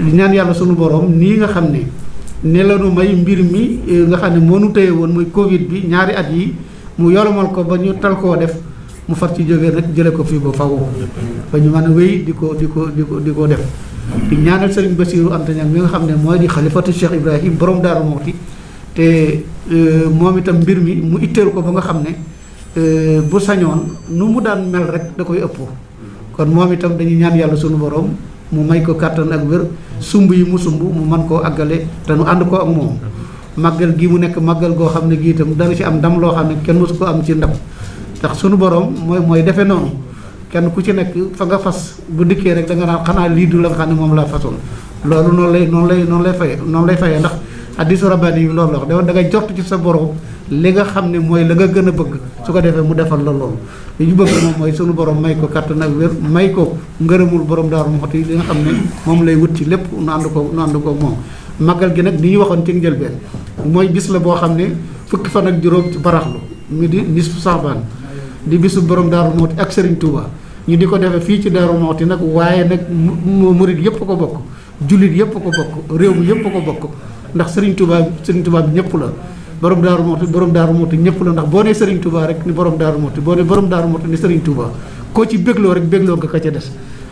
ñaan yàlla sunu borom nii nga xam ne ne la nu may mbir mi eh, nga xam ne moo nu téye woon muy Covid bi ñaari at yi mu yolomal ko ba ñu tal koo def mu far ci jógee nag jële ko fii ba faw ba a wéy di ko di ko di ko def di ñaanal Serigne Bassirou Anta nga xam ne mooy di xalifatu Cheikh Ibrahim borom Daaru Muxti te eh, moom itam mbir mi mu itteel ko ba nga xam ne eh, bu sañoon nu mu daan mel rek da koy ëpp kon moom itam dañuy ñaan yàlla sunu boroom mu may ko kàttan ak wér sumb yi mu sumb mu man koo àggale te nu ànd ko ak moom màggal gi mu nekk màggal goo xam ne gi itam dana ci am ndam loo xam ne kenn mosu ko am ci ndam ndax sunu borom mooy mooy defe noonu kenn ku ci nekk fa nga fas bu dikkee rek da nga xanaa lii du la nga xam ne moom laa fasoon loolu noonu lay noonu lay noonu lay fay noonu lay fayee ndax hadisu rabbaani yi loolu la wax da ngay jort ci sa borom li nga xam ne mooy la nga gën a bëgg su ko defee mu defal la loolu li ñu bëgg moom mooy sunu borom may ko kàttan ak may ko ngërëmul borom daaru Muxti li nga xam ne moom lay wut ci lépp nu ànd ko nu ànd ko moom magal gi nag li ñu waxoon ci njëlbeen mooy bis la boo xam ne fukki fan ak juróom ci baraxlu mi di nisfu saxbaan di bisu borom daaru Muxti ak Serigne Touba ñu di ko defee fii ci daaru Muxti nag waaye nag murit yëpp ko bokk jullit yëpp ko bokk réew mi yëpp ko bokk ndax Serigne tubaab Serigne Touba bi ñëpp la borom Daaru Muxti borom Daaru Muxti ñëpp la ndax boo nee Serigne Touba rek ni borom Daaru Muxti boo nee borom Daaru Muxti ni Serigne Touba koo ci bégloo rek bégloo nga ka ca des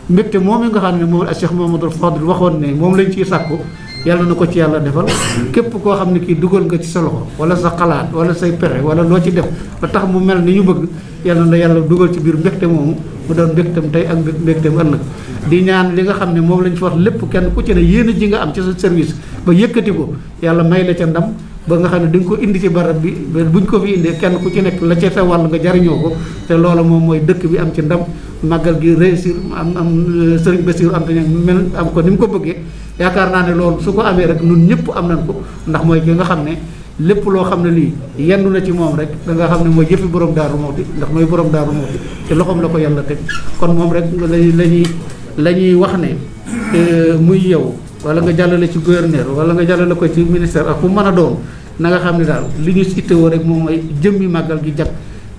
mbégte moom mi nga xam ne moom Cheikh Mamadou Fadl waxoon ne moom lañ ciy sàkku yal na ko ci yàlla defal képp koo xam ne kii dugal nga ci sa loxo wala sa xalaat wala say pexe wala loo ci def ba tax mu mel ni ñu bëgg yàlla na yàlla dugal ci biir mbégte moomu mu doon mbégteem tey ak mbégteem ëllëg di ñaan li nga xam ne moom lañ fi wax lépp kenn ku ci ne yéen ji nga am ci sa service ba yëkkati ko yàlla may la ca ndam ba nga xam ne dañ ko indi ci barab bi buñ ko fi indee kenn ku ci nekk la ca sa wàll nga jariñoo ko te loolu moom mooy dëkk bi am ci ndam màggal gi réussir am am euh, sëriñ Bassirou am tañu mel am ko ni mu ko bëggee yaakaar naa ne loolu su ko amee rek ñun ñëpp am nañ ko ndax mooy ki nga xam ne lépp loo xam ne lii yendu na ci moom rek da nga xam ne mooy yëpp borom daaru Mawti ndax mooy borom daaru Mawti te loxoom la ko yàlla teg kon moom rek la ñuy la ñuy wax ne euh, muy yow wala nga jàllale ci gouverneur wala nga jàllale ko ci ministère ak ku mën na nga xam ne daal li ñu ittewoo rek moom mooy jëmmi màggal gi jag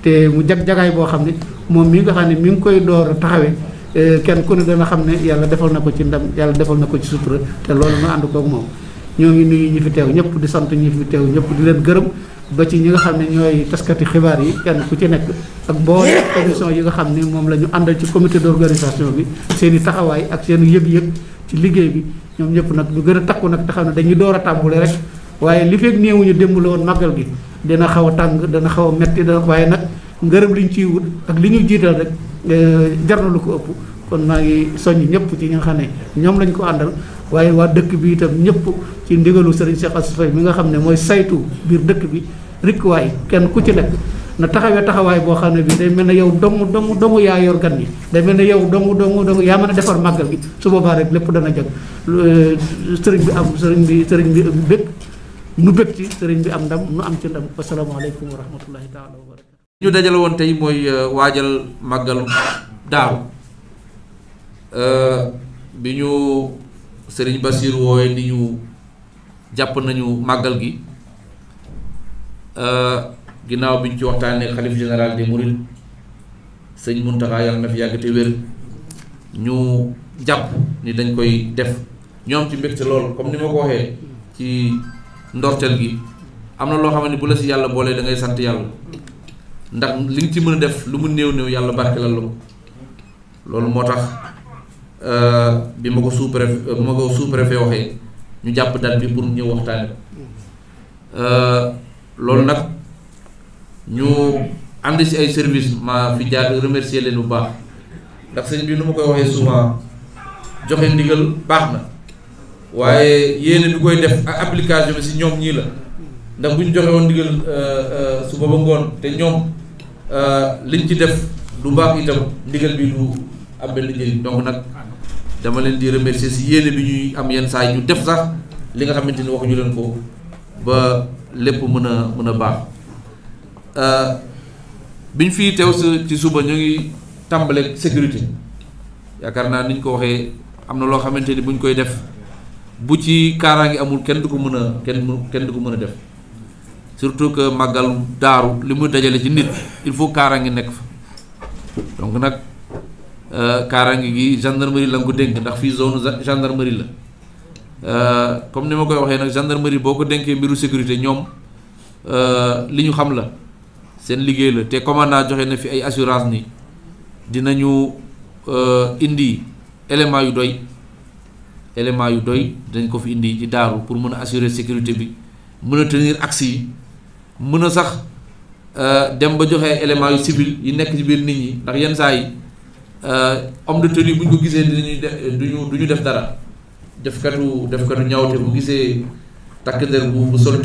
te mu jag jagaay boo xam ne moom mi nga xam ne mi ngi koy door taxawee eh, kenn ku ne dana xam ne yàlla defal na ko ci ndam yàlla defal na ko ci sutura te loolu nu ànd koog moom ñoo ngi nuyu ñu fi teew ñëpp di sant ñi fi teew ñëpp di leen gërëm ba ci ñi nga xam ne ñooy taskati xibaar yi kenn ku ci nekk ak mboolem commission yi nga xam ne moom la ñu àndal ci comité d'organisation bi seen i taxawaay ak seen i yëg ci liggéey bi ñoom ñëpp nag ñu gën a takku nag te xam ne dañuy door a tàmbule rek waaye li fekk néewuñu démb la màggal gi dina xaw a tàng dana xaw a metti dana waaye nag ngërëm liñ ci wut ak li ñu jiital rek eh, jar na lu ko ëpp kon maa ngi soññ ñëpp ci ñi nga xam ne ñoom lañ ko àndal waaye waa dëkk bi itam ñëpp ci ndigalu Serigne Cheikh Assou Faye mi nga xam ne mooy saytu biir dëkk bi rikkuwaay kenn ku ci nekk na taxawee taxawaay boo xam ne bi day mel ne yow dong dong dong yaa yor gan yi day mel ne yow dong dong dong yaa mën a defar màggal gi su boobaa rek lépp dana jag eh, bi am sëriñ bi sëriñ bi békk nu bëgg ci sëriñ bi am ndam nu am ci ndam wasalaamaaleykum wa rahmatullahi taala wa barakatu ñu dajal woon tey mooy euh, waajal màggal daaw euh, bi ñu sëriñ Bachir wooye ni ñu jàpp nañu màggal gi euh, ginnaaw bi ci waxtaanee xalif général des Mourides ni dañ koy def ñoom ci mbégte lool comme ni ma ko waxee ci ndorteel gi am na loo xam ne bu la si yàlla boolee da ngay sant yàlla ndax li nga ci mën a def lu mu néew néew yàlla barke la ko loolu moo tax euh, bi ma ko sous préfet bi ma ko sous préfet waxee ñu jàpp date bi pour ñëw waxtaane euh, loolu nag ñu ànd si ay service ma fi jaar remercier leen bu baax ndax sëñ bi nu ma koy waxee souvent joxe ndigal baax na waaye yéene bi koy def ak application bi si ñoom ñii la ndax bu ñu joxe woon ndigal euh, euh, su booba ngoon te ñoom euh, liñ ci def du baax itam ndigal bi du am benn njëriñ donc nag dama leen di remercier si yéene bi ñuy am yenn saa yi ñu def sax li nga xamante ni waxuñu leen ko ba lépp mën a mën a baax biñ fii teew sa ci suba ñu ngi tàmbale sécurité yaakaar naa niñ ko waxee am na loo xamante ni buñ koy def bu ci kaaraange amul kenn du ko mën a kenn kenn du ko mën a def surtout que màggal daaru li muy dajale ci nit il faut ngi nekk fa donc nag euh, kaaraange gi gendarmerie la nga ko dénk ndax fii zone gendarmerie la euh, comme ni ma koy waxee nag gendarmerie boo ko dénkee mbiru sécurité ñoom euh, li ñu xam la seen liggéey la te commandant joxe na fi ay assurance ni dinañu indi élément yu doy élément yu doy dañ ko fi indi ci daaru pour mën a assurer sécurité bi mun a tenir accès yi mun a sax euh, dem ba joxe élément yu civil yi nekk ci biir nit ñi ndax yenn saa yi euh, homme de tenue buñ ko gisee dinañuy def duñu du ñu def dara defkatu defkatu ñawte bu gisee takk der bu bu